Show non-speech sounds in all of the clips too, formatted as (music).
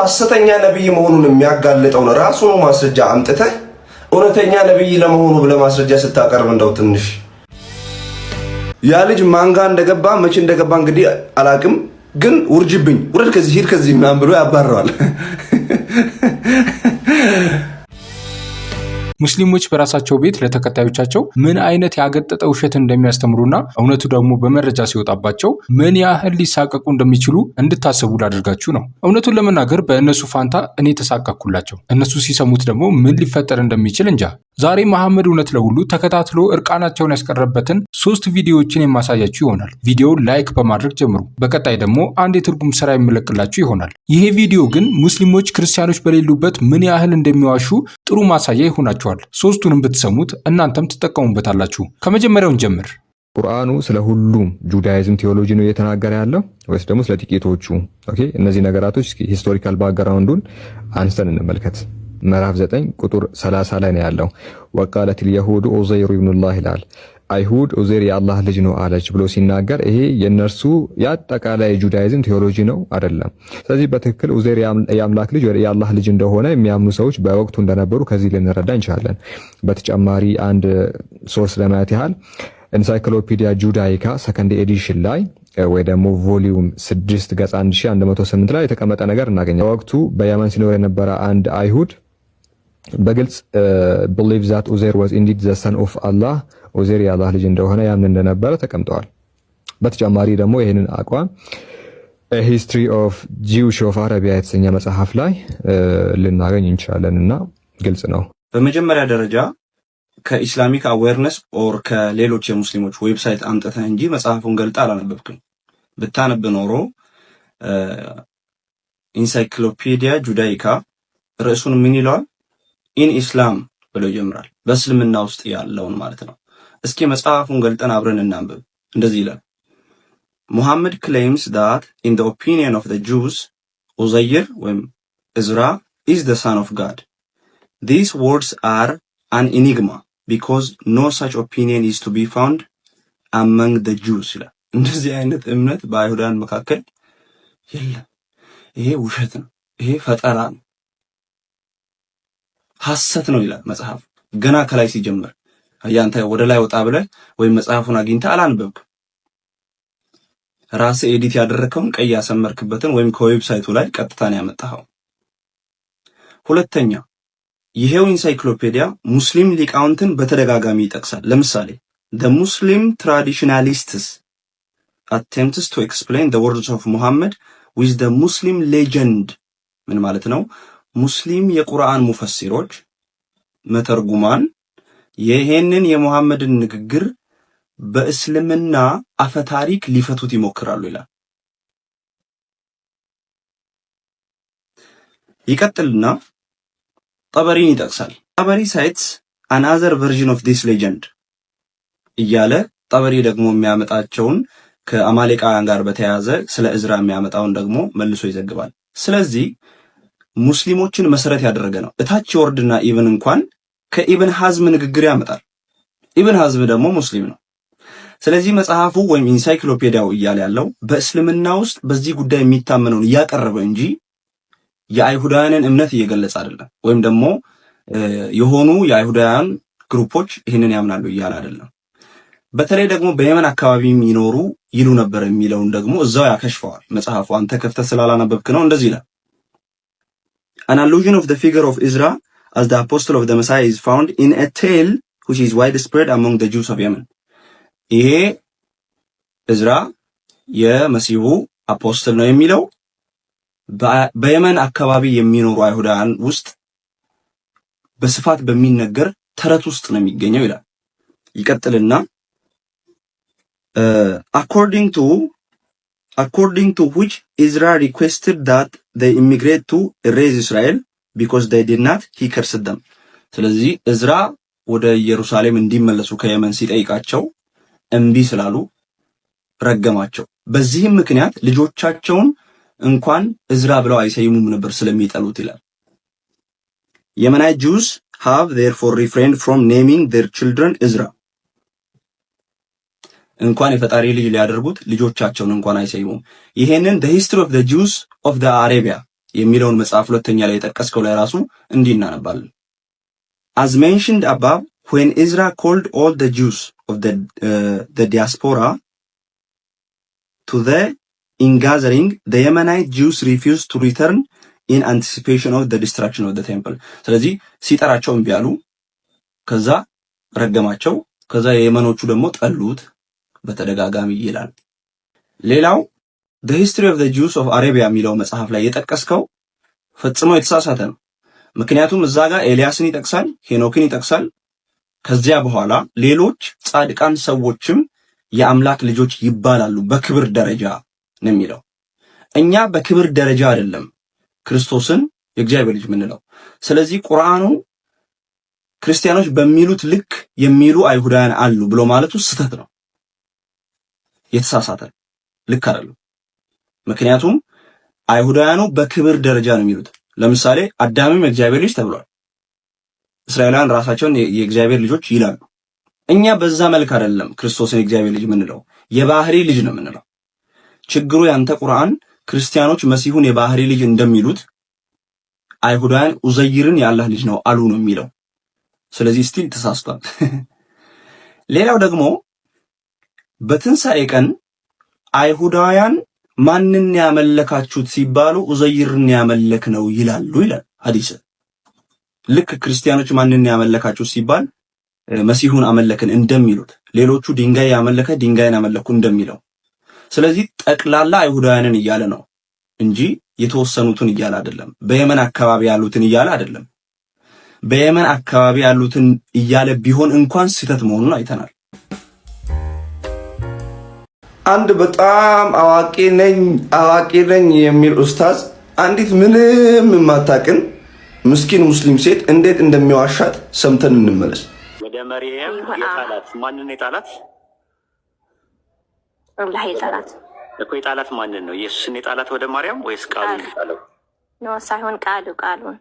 ሐሰተኛ ነቢይ መሆኑን የሚያጋልጠውን ራሱን ማስረጃ አምጥተህ እውነተኛ ነቢይ ለመሆኑ ብለህ ማስረጃ ስታቀርብ እንደው ትንሽ ያ ልጅ ማንጋ እንደገባ መቼ እንደገባ እንግዲህ አላቅም፣ ግን ውርጅብኝ፣ ውረድ ከዚህ ሂድ ከዚህ ምናምን ብሎ ያባረዋል። ሙስሊሞች በራሳቸው ቤት ለተከታዮቻቸው ምን አይነት ያገጠጠ ውሸት እንደሚያስተምሩና እውነቱ ደግሞ በመረጃ ሲወጣባቸው ምን ያህል ሊሳቀቁ እንደሚችሉ እንድታስቡ ላደርጋችሁ ነው። እውነቱን ለመናገር በእነሱ ፋንታ እኔ ተሳቀኩላቸው። እነሱ ሲሰሙት ደግሞ ምን ሊፈጠር እንደሚችል እንጃ። ዛሬ መሐመድ እውነት ለሁሉ ተከታትሎ እርቃናቸውን ያስቀረበትን ሶስት ቪዲዮዎችን የማሳያችሁ ይሆናል። ቪዲዮውን ላይክ በማድረግ ጀምሩ። በቀጣይ ደግሞ አንድ የትርጉም ስራ የሚለቅላችሁ ይሆናል። ይሄ ቪዲዮ ግን ሙስሊሞች ክርስቲያኖች በሌሉበት ምን ያህል እንደሚዋሹ ጥሩ ማሳያ ይሆናችኋል። ሶስቱንም ብትሰሙት እናንተም ትጠቀሙበታላችሁ። ከመጀመሪያውን ጀምር። ቁርአኑ ስለ ሁሉም ጁዳይዝም ቴዎሎጂ ነው እየተናገረ ያለው ወይስ ደግሞ ስለ ጥቂቶቹ? ኦኬ፣ እነዚህ ነገራቶች ሂስቶሪካል ባክግራውንዱን አንስተን እንመልከት። ምዕራፍ 9 ቁጥር 30 ላይ ነው ያለው። ወቃለት ልየሁድ ኡዘይሩ ብኑላህ ይላል። አይሁድ ኡዘይር የአላህ ልጅ ነው አለች ብሎ ሲናገር ይሄ የእነርሱ የአጠቃላይ ጁዳይዝም ቴዎሎጂ ነው አይደለም። ስለዚህ በትክክል ኡዘይር የአምላክ ልጅ የአላህ ልጅ እንደሆነ የሚያምኑ ሰዎች በወቅቱ እንደነበሩ ከዚህ ልንረዳ እንችላለን። በተጨማሪ አንድ ሶርስ ለማየት ያህል ኢንሳይክሎፒዲያ ጁዳይካ ሰከንድ ኤዲሽን ላይ ወይ ደግሞ ቮሊዩም 6 ገጽ 1108 ላይ የተቀመጠ ነገር እናገኛለን። በወቅቱ በየመን ሲኖር የነበረ አንድ አይሁድ በግልጽ ቢሊቭ ዛት ኡዜር ወዝ ኢንዲድ ዘ ሰን ኦፍ አላህ ኡዜር የአላህ ልጅ እንደሆነ ያምን እንደነበረ ተቀምጠዋል። በተጨማሪ ደግሞ ይህንን አቋም ሂስትሪ ኦፍ ጂውሽ ኦፍ አረቢያ የተሰኘ መጽሐፍ ላይ uh, ልናገኝ እንችላለን እና ግልጽ ነው። በመጀመሪያ ደረጃ ከኢስላሚክ አዌርነስ ኦር ከሌሎች የሙስሊሞች ዌብሳይት አምጥተህ እንጂ መጽሐፉን ገልጣ አላነበብክም። ብታነብ ኖሮ ኢንሳይክሎፔዲያ uh, ጁዳይካ ርዕሱን ምን ይለዋል? ኢን ኢስላም ብሎ ይጀምራል። በእስልምና ውስጥ ያለውን ማለት ነው። እስኪ መጽሐፉን ገልጠን አብረን እናንብብ። እንደዚህ ይላል ሙሐመድ ክሌምስ ዳት ኢን ዘ ኦፒኒየን ኦፍ ዘ ጁስ ኡዘይር ወይም እዝራ ኢዝ ዘ ሳን ኦፍ ጋድ ዚስ ወርድስ አር አን ኢኒግማ ቢኮዝ ኖ ሳች ኦፒኒየን ኢዝ ቱ ቢ ፋውንድ አመንግ ዘ ጁስ ይላል። እንደዚህ አይነት እምነት በአይሁዳን መካከል የለም። ይሄ ውሸት ነው። ይሄ ፈጠራ ነው። ሐሰት ነው ይላል መጽሐፍ። ገና ከላይ ሲጀምር ያንተ ወደ ላይ ወጣ ብለህ ወይም መጽሐፉን አግኝተህ አላንበብክም። ራስ ኤዲት ያደረከውን ቀይ ያሰመርክበትን ወይም ከዌብሳይቱ ላይ ቀጥታን ያመጣው። ያመጣኸው። ሁለተኛ ይሄው ኢንሳይክሎፔዲያ ሙስሊም ሊቃውንትን በተደጋጋሚ ይጠቅሳል። ለምሳሌ ደ ሙስሊም ትራዲሽናሊስትስ አቴምፕትስ ቱ ኤክስፕሌን ደ ወርድስ ኦፍ ሙሐመድ ዊዝ ደ ሙስሊም ሌጀንድ ምን ማለት ነው? ሙስሊም የቁርአን ሙፈሲሮች መተርጉማን ይሄንን የሙሐመድን ንግግር በእስልምና አፈታሪክ ሊፈቱት ይሞክራሉ ይላል። ይቀጥልና ጠበሪን ይጠቅሳል። ጠበሪ ሳይትስ አናዘር ቨርዥን ኦፍ ዲስ ሌጀንድ እያለ ጠበሪ ደግሞ የሚያመጣቸውን ከአማሌቃውያን ጋር በተያያዘ ስለ እዝራ የሚያመጣውን ደግሞ መልሶ ይዘግባል። ስለዚህ ሙስሊሞችን መሰረት ያደረገ ነው። እታች ወርድና ኢብን እንኳን ከኢብን ሐዝም ንግግር ያመጣል። ኢብን ሐዝም ደግሞ ሙስሊም ነው። ስለዚህ መጽሐፉ ወይም ኢንሳይክሎፔዲያው እያለ ያለው በእስልምና ውስጥ በዚህ ጉዳይ የሚታመነውን እያቀረበ እንጂ የአይሁዳውያንን እምነት እየገለጸ አይደለም። ወይም ደግሞ የሆኑ የአይሁዳውያን ግሩፖች ይህንን ያምናሉ እያለ አይደለም። በተለይ ደግሞ በየመን አካባቢ የሚኖሩ ይሉ ነበር የሚለውን ደግሞ እዛው ያከሽፈዋል መጽሐፉ። አንተ ከፍተህ ስላላነበብክ ነው እንደዚህ ይላል። an allusion of the figure of Ezra as the apostle of the Messiah is found in a tale which is widespread among the Jews of Yemen። ይሄ እዝራ የመሲሁ አፖስትል ነው የሚለው በየመን አካባቢ የሚኖሩ አይሁዳውያን ውስጥ በስፋት በሚነገር ተረት ውስጥ ነው የሚገኘው ይላል። ይቀጥልና አኮርዲንግ ቱ according to which Israel requested that they immigrate to erase Israel because they did not he cursed them። ስለዚህ እዝራ ወደ ኢየሩሳሌም እንዲመለሱ ከየመን ሲጠይቃቸው እምቢ ስላሉ ረገማቸው። በዚህም ምክንያት ልጆቻቸውን እንኳን እዝራ ብለው አይሰይሙም ነበር ስለሚጠሉት ይላል። የመናይት ጂውስ ሃቭ ዜርፎር ሪፍሬንድ ፍሮም ኔሚንግ ዜር ችልድረን እዝራ እንኳን የፈጣሪ ልጅ ሊያደርጉት ልጆቻቸውን እንኳን አይሰይሙም። ይሄንን the history of the Jews of the Arabia የሚለውን መጽሐፍ ሁለተኛ ላይ የጠቀስከው ላይ ራሱ እንዲህ እናነባለን። as mentioned above when Ezra called all the Jews of the, uh, the diaspora to the ingathering the Yemenite Jews refused to return in anticipation of the destruction of the temple ስለዚህ ሲጠራቸው እምቢ አሉ። ከዛ ረገማቸው። ከዛ የየመኖቹ ደግሞ ጠሉት። በተደጋጋሚ ይላል። ሌላው ዘ ሂስትሪ ኦፍ ዘ ጂውስ ኦፍ አረቢያ የሚለው መጽሐፍ ላይ የጠቀስከው ፈጽሞ የተሳሳተ ነው። ምክንያቱም እዛ ጋር ኤልያስን ይጠቅሳል፣ ሄኖክን ይጠቅሳል። ከዚያ በኋላ ሌሎች ጻድቃን ሰዎችም የአምላክ ልጆች ይባላሉ በክብር ደረጃ ነው የሚለው። እኛ በክብር ደረጃ አይደለም ክርስቶስን የእግዚአብሔር ልጅ የምንለው። ስለዚህ ቁርአኑ ክርስቲያኖች በሚሉት ልክ የሚሉ አይሁዳውያን አሉ ብሎ ማለቱ ስህተት ነው። የተሳሳተ ልክ አይደለም። ምክንያቱም አይሁዳውያኑ በክብር ደረጃ ነው የሚሉት። ለምሳሌ አዳምም የእግዚአብሔር ልጅ ተብሏል። እስራኤላውያን ራሳቸውን የእግዚአብሔር ልጆች ይላሉ። እኛ በዛ መልክ አይደለም ክርስቶስን የእግዚአብሔር ልጅ የምንለው፣ የባህሪ ልጅ ነው የምንለው። ችግሩ ያንተ ቁርአን ክርስቲያኖች መሲሁን የባህሪ ልጅ እንደሚሉት አይሁዳውያን ኡዘይርን የአላህ ልጅ ነው አሉ ነው የሚለው። ስለዚህ ስቲል ተሳስቷል። (laughs) ሌላው ደግሞ በትንሣኤ ቀን አይሁዳውያን ማንን ያመለካችሁት ሲባሉ ኡዘይርን ያመለክ ነው ይላሉ ይላል ሐዲስ። ልክ ክርስቲያኖች ማንን ያመለካችሁት ሲባል መሲሁን አመለክን እንደሚሉት ሌሎቹ ድንጋይ ያመለከ ድንጋይን አመለኩ እንደሚለው ስለዚህ ጠቅላላ አይሁዳውያንን እያለ ነው እንጂ የተወሰኑትን እያለ አይደለም። በየመን አካባቢ ያሉትን እያለ አይደለም። በየመን አካባቢ ያሉትን እያለ ቢሆን እንኳን ስህተት መሆኑን አይተናል። አንድ በጣም አዋቂ ነኝ አዋቂ ነኝ የሚል ኡስታዝ አንዲት ምንም የማታቅን ምስኪን ሙስሊም ሴት እንዴት እንደሚዋሻት ሰምተን እንመለስ። ወደ መርየም የጣላት ማንን የጣላት የጣላት እኮ የጣላት ማንን ነው? ኢየሱስን የጣላት ወደ ማርያም ወይስ ቃሉን የጣለው ነው? ሳይሆን ቃሉ ቃሉን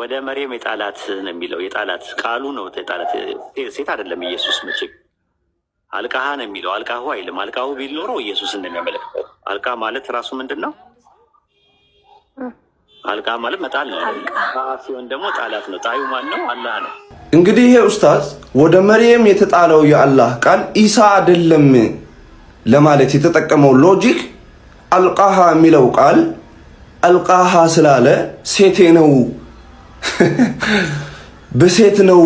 ወደ መርየም የጣላት ነው የሚለው የጣላት ቃሉ ነው የጣላት ሴት አይደለም ኢየሱስ መቼም አልቃሃ ነው የሚለው። አልቃሁ አይልም። አልቃሁ ቢል ኖሮ ኢየሱስ እንደሚያመለክተው አልቃ ማለት ራሱ ምንድን ነው? አልቃ ማለት መጣል ነው። ሲሆን ደግሞ ጣላት ነው። ጣዩ ማን ነው? አላህ ነው። እንግዲህ ይሄ ኡስታዝ ወደ መርየም የተጣለው የአላህ ቃል ኢሳ አይደለም ለማለት የተጠቀመው ሎጂክ አልቃሃ የሚለው ቃል አልቃሃ ስላለ ሴቴ ነው በሴት ነው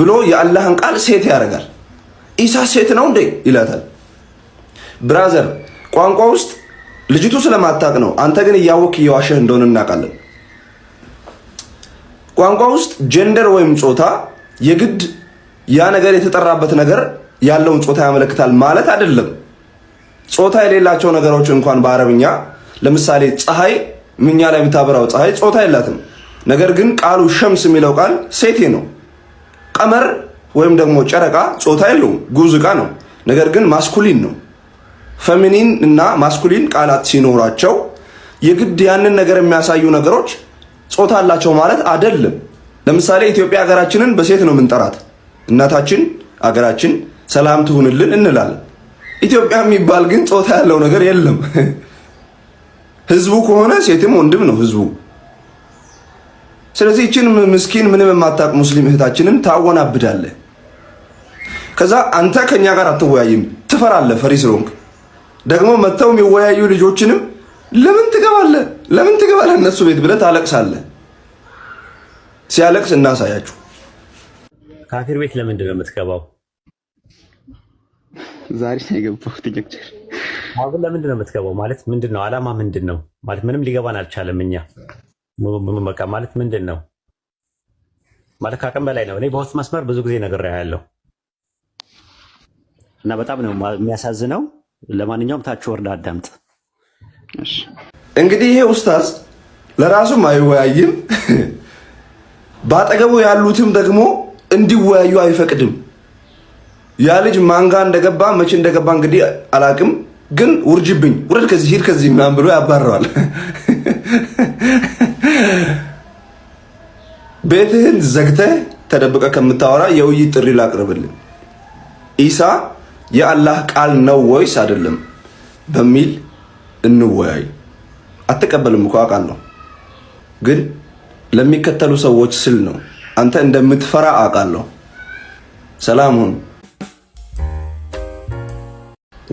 ብሎ የአላህን ቃል ሴት ያደርጋል። ኢሳ ሴት ነው እንዴ ይላታል። ብራዘር ቋንቋ ውስጥ ልጅቱ ስለማታቅ ነው። አንተ ግን እያወክ እየዋሸህ እንደሆነ እናውቃለን። ቋንቋ ውስጥ ጀንደር ወይም ጾታ የግድ ያ ነገር የተጠራበት ነገር ያለውን ጾታ ያመለክታል ማለት አይደለም። ጾታ የሌላቸው ነገሮች እንኳን በአረብኛ ለምሳሌ ፀሐይ፣ ምኛ ላይ የምታበራው ፀሐይ ጾታ የላትም። ነገር ግን ቃሉ ሸምስ የሚለው ቃል ሴቴ ነው። ቀመር ወይም ደግሞ ጨረቃ ጾታ የለውም፣ ግዑዝ ዕቃ ነው። ነገር ግን ማስኩሊን ነው። ፌሚኒን እና ማስኩሊን ቃላት ሲኖራቸው የግድ ያንን ነገር የሚያሳዩ ነገሮች ጾታ አላቸው ማለት አይደለም። ለምሳሌ ኢትዮጵያ ሀገራችንን በሴት ነው የምንጠራት። እናታችን አገራችን ሰላም ትሁንልን እንላለን። ኢትዮጵያ የሚባል ግን ጾታ ያለው ነገር የለም። (laughs) ህዝቡ ከሆነ ሴትም ወንድም ነው ህዝቡ። ስለዚህ ይችን ምስኪን ምንም የማታውቅ ሙስሊም እህታችንን ታወናብዳለህ። ከዛ አንተ ከኛ ጋር አትወያይም፣ ትፈራለህ፣ ፈሪ ስለሆንክ ደግሞ መጥተው የሚወያዩ ልጆችንም ለምን ትገባለህ? ለምን ትገባለህ እነሱ ቤት ብለህ ታለቅሳለህ። ሲያለቅስ እናሳያችሁ። ካፊር ቤት ለምንድን ነው የምትገባው? ዛሬ ነው የገባሁት። አሁን ለምንድን ነው የምትገባው? ማለት ምንድን ነው አላማ ምንድን ነው ማለት? ምንም ሊገባን አልቻለም። እኛ በቃ ማለት ምንድን ነው ማለት ከአቅም በላይ ነው። እኔ በውስጥ መስመር ብዙ ጊዜ ነግሬሃለሁ። እና በጣም ነው የሚያሳዝነው። ለማንኛውም ታች ወርዳ አዳምጥ። እንግዲህ ይሄ ኡስታዝ ለራሱም አይወያይም፣ በአጠገቡ ያሉትም ደግሞ እንዲወያዩ አይፈቅድም። ያ ልጅ ማንጋ እንደገባ መቼ እንደገባ እንግዲህ አላቅም፣ ግን ውርጅብኝ፣ ውረድ ከዚህ ሂድ ከዚህ ምናምን ብሎ ያባረዋል። ቤትህን ዘግተህ ተደብቀ ከምታወራ የውይይት ጥሪ ላቅርብልን ኢሳ የአላህ ቃል ነው ወይስ አይደለም በሚል እንወያይ። አትቀበልም እኮ አውቃለሁ፣ ግን ለሚከተሉ ሰዎች ስል ነው። አንተ እንደምትፈራ አውቃለሁ። ሰላም ሁን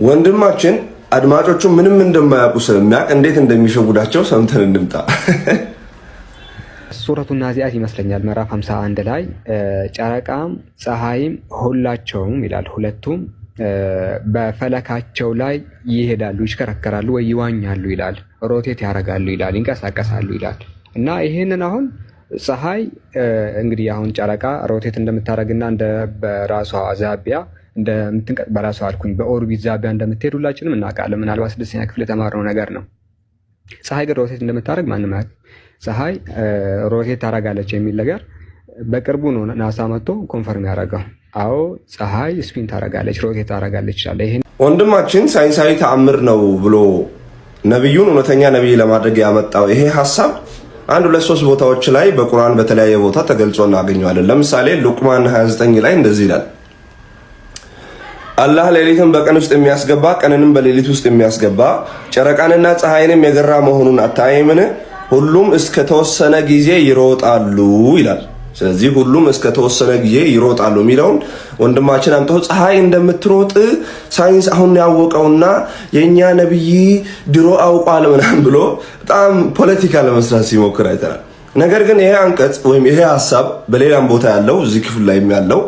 ወንድማችን። አድማጮቹ ምንም እንደማያውቁ ስለሚያውቅ እንዴት እንደሚሸውዳቸው ሰምተን እንምጣ። ሱረቱ ናዚያት ይመስለኛል ምዕራፍ 51 ላይ ጨረቃም ፀሐይም ሁላቸውም ይላል ሁለቱም በፈለካቸው ላይ ይሄዳሉ፣ ይሽከረከራሉ ወይ ይዋኛሉ ይላል፣ ሮቴት ያደርጋሉ ይላል፣ ይንቀሳቀሳሉ ይላል። እና ይህንን አሁን ፀሐይ እንግዲህ አሁን ጨረቃ ሮቴት እንደምታደርግና እንደ በራሷ ዛቢያ በራሷ አልኩኝ በኦርቢት ዛቢያ እንደምትሄድ ሁላችንም እናውቃለን። ምናልባት ስድስተኛ ክፍል የተማርነው ነገር ነው። ፀሐይ ግን ሮቴት እንደምታደርግ ማንም ያ ፀሐይ ሮቴት ታደርጋለች የሚል ነገር በቅርቡ ነው ናሳ መጥቶ ኮንፈርም ያደረገው። አዎ ፀሐይ ስፒን ታረጋለች፣ ሮቴት ታረጋለች ይላል። ይሄ ወንድማችን ሳይንሳዊ ተአምር ነው ብሎ ነቢዩን እውነተኛ ነቢይ ለማድረግ ያመጣው ይሄ ሀሳብ አንድ ሁለት ሶስት ቦታዎች ላይ በቁርአን በተለያየ ቦታ ተገልጾ እናገኘዋለን። ለምሳሌ ሉቅማን 29 ላይ እንደዚህ ይላል፣ አላህ ሌሊትን በቀን ውስጥ የሚያስገባ ቀንንም በሌሊት ውስጥ የሚያስገባ ጨረቃንና ፀሐይንም የገራ መሆኑን አታይምን? ሁሉም እስከተወሰነ ጊዜ ይሮጣሉ ይላል። ስለዚህ ሁሉም እስከ ተወሰነ ጊዜ ይሮጣሉ የሚለውን ወንድማችን አምጥቶ ፀሐይ እንደምትሮጥ ሳይንስ አሁን ያወቀውና የእኛ ነብይ ድሮ አውቋል ምናምን ብሎ በጣም ፖለቲካ ለመስራት ሲሞክር አይተናል። ነገር ግን ይሄ አንቀጽ ወይም ይሄ ሀሳብ በሌላም ቦታ ያለው እዚህ ክፍል ላይ ያለው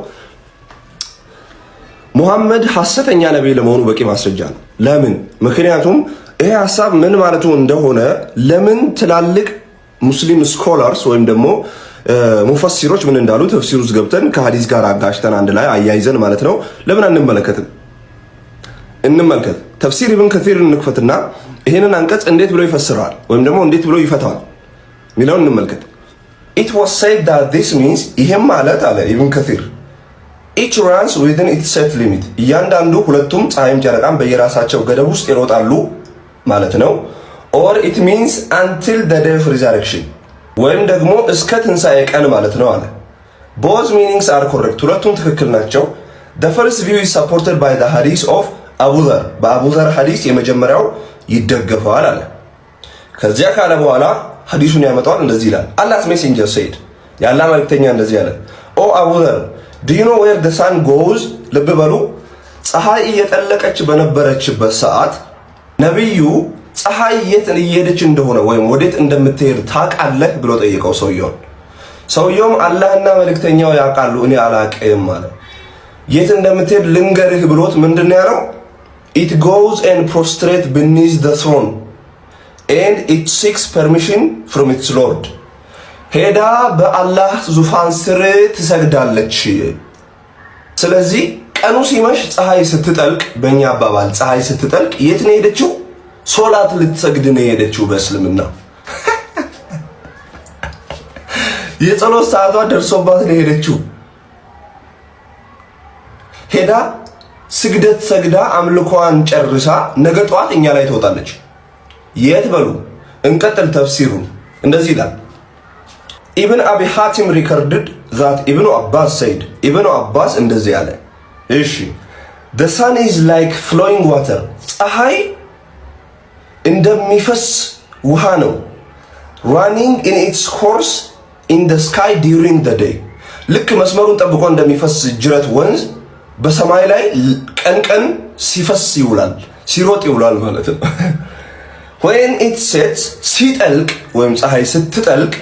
ሙሐመድ ሐሰተኛ ነቢይ ለመሆኑ በቂ ማስረጃ ነው። ለምን? ምክንያቱም ይሄ ሀሳብ ምን ማለቱ እንደሆነ ለምን ትላልቅ ሙስሊም ስኮላርስ ወይም ደግሞ ሙፈሲሮች ምን እንዳሉ ተፍሲር ውስጥ ገብተን ከሀዲስ ጋር አጋሽተን አንድ ላይ አያይዘን ማለት ነው ለምን አንመለከትም? እንመልከት። ተፍሲር ኢብን ከሲር እንክፈትና ይህንን አንቀጽ እንዴት ብሎ ይፈስረዋል ወይም ደግሞ እንዴት ብሎ ይፈታዋል ሚለውን እንመልከት። ኢት ዋስ ሰይድ ዳት ዚስ ሚንስ ይሄም ማለት አለ ኢብን ከሲር ኢች ራንስ ዊዝን ኢትስ ሴት ሊሚት እያንዳንዱ ሁለቱም ፀሐይም ጨረቃም በየራሳቸው ገደብ ውስጥ ይሮጣሉ ማለት ነው። ኦር ኢት ሚንስ አንቲል ዘ ዴይ ኦፍ ሪዘረክሽን ወይም ደግሞ እስከ ትንሣኤ ቀን ማለት ነው አለ። ቦዝ ሚኒንግስ አር ኮሬክት፣ ሁለቱም ትክክል ናቸው። ዘ ፈርስት ቪው ኢዝ ሰፖርትድ ባይ ዘ ሀዲስ ኦፍ አቡዘር፣ በአቡዘር ሀዲስ የመጀመሪያው ይደገፈዋል አለ። ከዚያ ካለ በኋላ ሀዲሱን ያመጣዋል። እንደዚህ ይላል አላስ ሜሴንጀር ሰይድ፣ ያላ መልክተኛ እንደዚህ አለ፣ ኦ አቡዘር ዲኖ ዌር ደ ሳን ጎውዝ። ልብ በሉ ፀሐይ እየጠለቀች በነበረችበት ሰዓት ነቢዩ ፀሐይ የት እየሄደች እንደሆነ ወይም ወዴት እንደምትሄድ ታውቃለህ ብሎ ጠይቀው ሰውየውን። ሰውየውም አላህና መልእክተኛው ያውቃሉ እኔ አላቅም ማለት የት እንደምትሄድ ልንገርህ ብሎት ምንድን ያለው ኢት ጎዝ ኤን ፕሮስትሬት ብኒዝ ደ ትሮን ኤንድ ኢት ሲክስ ፐርሚሽን ፍሮም ኢትስ ሎርድ ሄዳ በአላህ ዙፋን ስር ትሰግዳለች። ስለዚህ ቀኑ ሲመሽ ፀሐይ ስትጠልቅ፣ በእኛ አባባል ፀሐይ ስትጠልቅ የት ነው የሄደችው? ሶላት ልትሰግድ ነው የሄደችው። በእስልምና የጸሎት ሰዓቷ ደርሶባት ነው የሄደችው። ሄዳ ስግደት ሰግዳ አምልኮዋን ጨርሳ ነገ ጠዋት እኛ ላይ ትወጣለች። የት በሉ እንቀጥል። ተፍሲሩን እንደዚህ ይላል። ኢብን አቢ ሐቲም ሪከርድድ ዛት ኢብኑ አባስ ሰይድ ኢብኑ አባስ እንደዚህ አለ። እሺ ዘ ኢዝ ላይክ ፍሎይንግ ዋተር ፀሐይ እንደሚፈስ ውሃ ነው። ራኒንግ ኢን ኢትስ ኮርስ ኢን ደ ስካይ ዲሪንግ ደ ደይ ልክ መስመሩን ጠብቆ እንደሚፈስ ጅረት ወንዝ በሰማይ ላይ ቀን ቀን ሲፈስ ይውላል፣ ሲሮጥ ይውላል ማለት ነው። ወይን ኢት ሴት ሲጠልቅ ወይም ፀሐይ ስትጠልቅ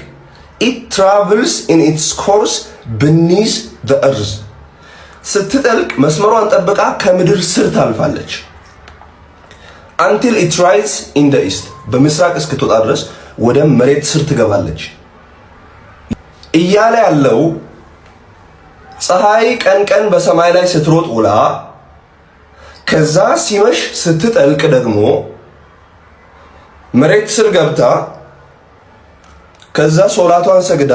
ኢት ትራቭልስ ኢን ኢትስ ኮርስ ብኒዝ ዘ እርዝ ስትጠልቅ መስመሯን ጠብቃ ከምድር ስር ታልፋለች። አንቲል ኢት ራይዝ ኢን ደ ኢስት በምስራቅ እስክትወጣ ድረስ ወደ መሬት ስር ትገባለች እያለ ያለው ፀሐይ ቀን ቀን በሰማይ ላይ ስትሮጥ ውላ ከዛ ሲመሽ ስትጠልቅ ደግሞ መሬት ስር ገብታ ከዛ ሶላቷን ሰግዳ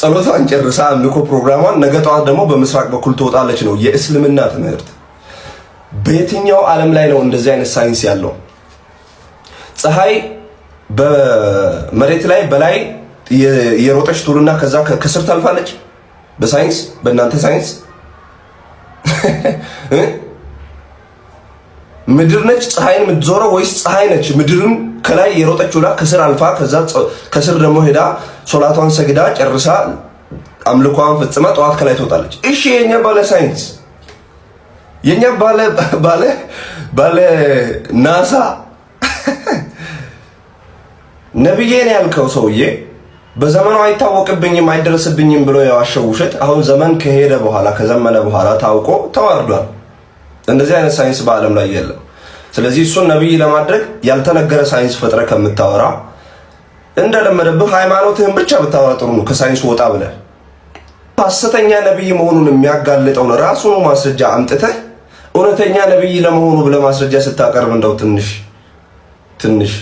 ጸሎቷን ጨርሳ አምልኮ ፕሮግራሟን ነገ ጠዋት ደግሞ በምስራቅ በኩል ትወጣለች ነው የእስልምና ትምህርት። በየትኛው ዓለም ላይ ነው እንደዚህ አይነት ሳይንስ ያለው? ፀሐይ በመሬት ላይ በላይ የሮጠች ቱልና ከዛ ከስር ታልፋለች። በሳይንስ በእናንተ ሳይንስ ምድር ነች ፀሐይን የምትዞረው ወይስ ፀሐይ ነች ምድርን ከላይ የሮጠች ላ ከስር አልፋ ከዛ ከስር ደግሞ ሄዳ ሶላቷን ሰግዳ ጨርሳ አምልኳን ፈጽማ ጠዋት ከላይ ትወጣለች። እሺ የኛ ባለ ሳይንስ የኛ ባለ ባለ ባለ ናሳ ነብዬ ያልከው ሰውዬ በዘመኑ አይታወቅብኝም አይደረስብኝም ብሎ የዋሸው ውሸት አሁን ዘመን ከሄደ በኋላ ከዘመነ በኋላ ታውቆ ተዋርዷል። እንደዚህ አይነት ሳይንስ በዓለም ላይ የለም። ስለዚህ እሱን ነብይ ለማድረግ ያልተነገረ ሳይንስ ፈጥረ ከምታወራ እንደለመደብህ ሃይማኖትህን ብቻ ብታወራ ጥሩ ነው። ከሳይንሱ ወጣ ብለህ ሐሰተኛ ነብይ መሆኑን የሚያጋልጠውን ራሱን ማስረጃ አምጥተህ እውነተኛ ነብይ ለመሆኑ ብለህ ስታቀርብ እንደው ትንሽ ትንሽ